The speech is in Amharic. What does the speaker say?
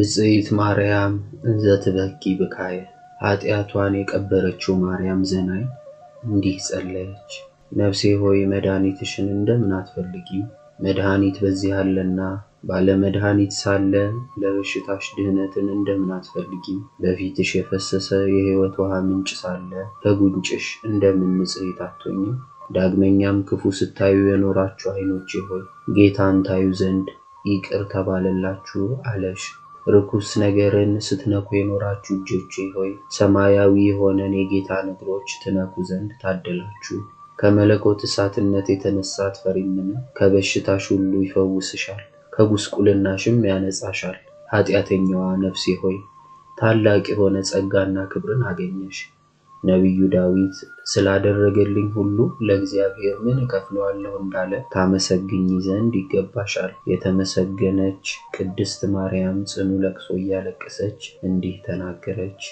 ብፅዕት ማርያም እንዘትበኪ ብካየ ኃጢአቷን የቀበረችው ማርያም ዘናይ እንዲህ ጸለየች። ነፍሴ ሆይ መድኃኒትሽን እንደምን መድኃኒት በዚህ አለና ባለ መድኃኒት ሳለ ለበሽታሽ ድህነትን እንደምን በፊትሽ የፈሰሰ የሕይወት ውሃ ምንጭ ሳለ ከጉንጭሽ እንደምን ንጽሕት አትሆኝም? ዳግመኛም ክፉ ስታዩ የኖራችሁ ዓይኖቼ ሆይ ጌታን ታዩ ዘንድ ይቅር ተባለላችሁ አለሽ። ርኩስ ነገርን ስትነኩ የኖራችሁ እጆቼ ሆይ ሰማያዊ የሆነን የጌታ እግሮች ትነኩ ዘንድ ታደላችሁ። ከመለኮት እሳትነት የተነሳ አትፈሪምን? ከበሽታሽ ሁሉ ይፈውስሻል፣ ከጉስቁልናሽም ያነጻሻል። ኃጢአተኛዋ ነፍሴ ሆይ ታላቅ የሆነ ጸጋና ክብርን አገኘሽ። ነቢዩ ዳዊት ስላደረገልኝ ሁሉ ለእግዚአብሔር ምን እከፍለዋለሁ እንዳለ ታመሰግኝ ዘንድ ይገባሻል። የተመሰገነች ቅድስት ማርያም ጽኑ ለቅሶ እያለቀሰች እንዲህ ተናገረች።